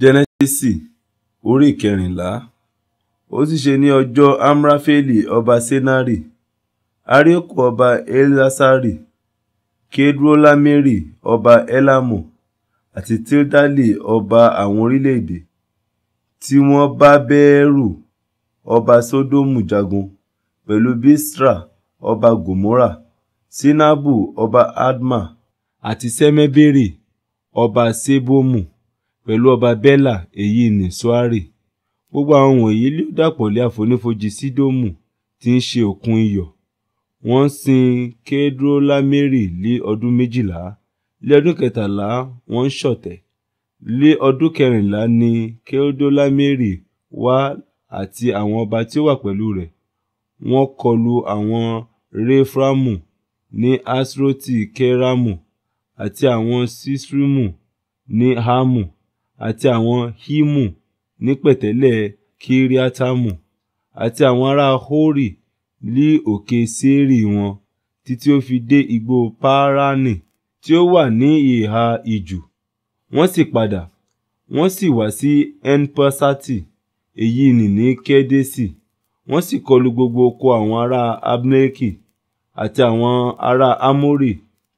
jẹ́nẹ́sísì orí ìkẹrìnlá ó sì ṣe ní ọjọ́ amrafeli ọba senari arioku ọba elasari kedrolameri ọba elamu àti tildali ọba àwọn orílẹ̀-èdè tí wọ́n bá bẹ́ẹ̀rù ọba sódómù jagun pẹ̀lú bisra ọba gòmórà sinabu ọba adma àti sẹmẹbèrè ọba sebomu pẹ̀lú ọba bélà èyí ní ṣọ́árì gbogbo àwọn wọ̀nyí ló dàpọ̀ lé àfonífojì sídómù tí í ṣe òkun iyọ̀ wọ́n sin kedrolameri lé ọdún méjìlá lé ọdún kẹtàlá wọ́n ń ṣọ̀tẹ̀ lé ọdún kẹrìnlá ni kedrolameri wá àti àwọn ọba tí ó wà pẹ̀lú rẹ̀ wọ́n kọlù àwọn refraimu ní asroti keramu àti àwọn sisrimu ní hamu àti àwọn hímù ní pẹ̀tẹ́lẹ̀ kíríátámù àti àwọn ará hórì lí òkè séírì wọn títí ó fi dé igbó páránì tí ó wà ní ìhà ijù wọ́n sì padà wọ́n sì wá sí enpasati èyí nì ní kẹ́dẹ́sì wọ́n sì kọlu gbogbo oko àwọn ará abneki àti àwọn ará amórì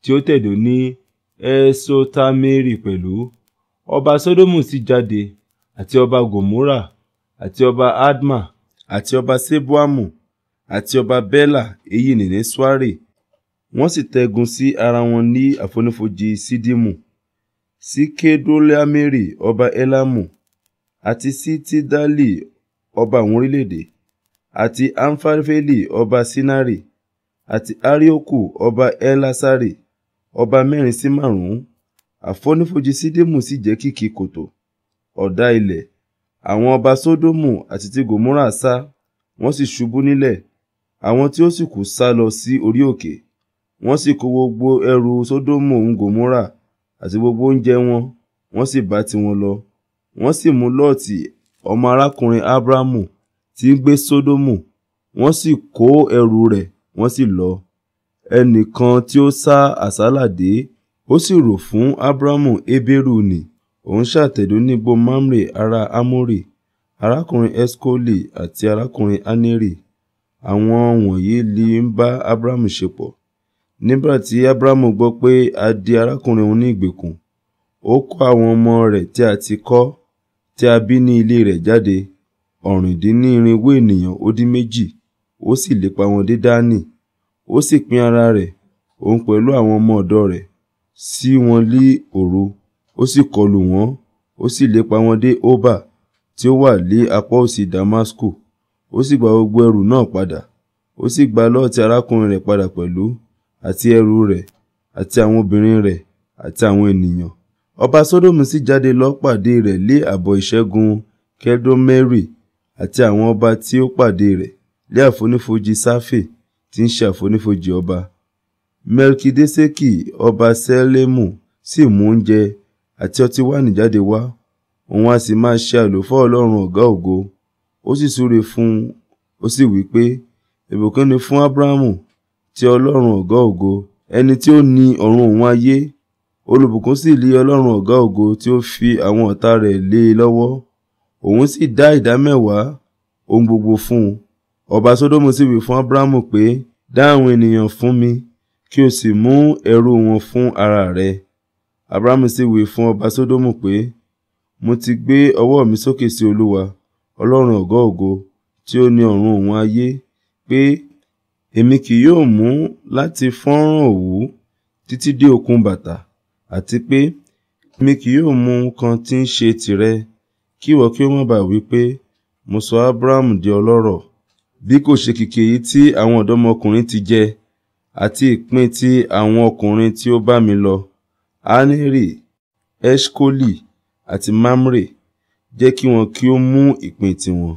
tí ó tẹ̀dó ní esotameri pẹ̀lú ọba sódómù sì jáde àti ọba gòmórà àti ọba adma àti ọba sébúàmù àti ọba Bella, èyí ni ní swari wọ́n sì tẹ́gun sí ara wọn ní àfonífojì sídímù sí kedolaimeri ọba elamu àti sí tidali ọba àwọn orílẹ̀-èdè àti amfarfeli ọba sinari àti arioku ọba elasari ọba mẹ́rin sí márùn-ún àfonífojì sídímù sì jẹ́ kìkì kòtò ọ̀dá ilẹ̀ àwọn ọba sódómù àti ti gòmórà sá wọ́n sì ṣubú nílẹ̀ àwọn tí ó sì kù sá lọ sí orí òkè wọ́n sì kó gbogbo ẹrù sódómù ń gòmórà àti gbogbo oúnjẹ wọn wọ́n sì bá tiwọn lọ wọ́n sì mú lọ́ọ̀tì ọmọ arákùnrin ábúrámù tí ń gbé sódómù wọ́n sì kó ẹrù rẹ̀ wọ́n sì lọ ẹnìkan tí ó sá àsálà dé ó sì rò fún ábúrámù hébérù nì òun ṣàtẹ̀dó nígbó mamre ará ámórì arákùnrin eṣkoli àti arákùnrin aneri àwọn wọ̀nyí li ń bá ábúrámù ṣepọ̀ nígbà tí ábúrámù gbọ́ pé a di arákùnrin òun ní ìgbèkùn ó kó àwọn ọmọ rẹ̀ tí a ti kọ́ tí a bí ní ilé rẹ̀ jáde ọ̀rìndínnírinwó ènìyàn ó dín méjì ó sì lépa wọn dé dánì ó sì pín ara rẹ̀ òun pẹ̀lú àwọn ọmọ ọ̀dọ̀ rẹ̀ sí wọn ní òru, ó sì kọlù wọ́n, ó sì lépa wọn dé Hoba tí ó wà ní apá òsì Damasku, ó sì gba gbogbo ẹrù náà padà, ó sì gba Lọ́ọ̀tì arákùnrin rẹ̀ padà pẹ̀lú, àti ẹrù rẹ̀, àti àwọn obìnrin rẹ̀, àti àwọn ènìyàn. Ọba Sódómù sì jáde lọ pàdé rẹ̀ ní àbọ̀ ìṣẹ́gun Kedorlaomere àti àwọn ọba tí ó pàdé rẹ̀, ní àfonífojì Safe tí ń ṣe àfonífojì ọba melkiṣedeki ọba ṣẹlẹ̀mù sì mú oúnjẹ àti ọtí wáìnì jáde wá òun a sì máa ṣe àlùfáà Ọlọ́run Ọ̀gá-ògo. Ó sì súre fún un ó sì wí pé, Ìbùkún ni fún Ábúráhámù ti Ọlọ́run Ọ̀gá-ògo ẹni tí ó ní ọ̀run òun ayé. Olùbùkún sì lé Ọlọ́run Ọ̀gá-ògo tí ó fi àwọn ọ̀tá rẹ̀ lé e lọ́wọ́. Òun sì dá ìdámẹ́wàá ohun gbogbo fún un. Ọba Sódómù sì wí fún Ábúráhámù pé, Dá àwọn ènìyàn fún mi kí o sì mú ẹrú wọn fún ara rẹ. Abrahamu sì wí fún ọba Sódómù pé, Mo ti gbé ọwọ́ mi sókè sí Olúwa, Ọlọ́run ọ̀gọ́-ògo, tí ó ní ọ̀run òun ayé, pé èmi kì yóò mú láti fọ́nrán òwú títí dé okùn bàtà, àti pé èmi kì yóò mú nǹkan tí ń ṣe tìrẹ, kí ìwọ kí ó má bàa wí pé, Mo sọ Abrahamu di ọlọ́rọ̀, bí kò ṣe kìkì èyí tí àwọn ọ̀dọ́mọkùnrin ti jẹ àti ìpín ti àwọn ọkùnrin tí ó bá mi lọ Aneri, Eṣkoli àti Mamre; jẹ́ kí wọn kí ó mú ìpín tiwọn.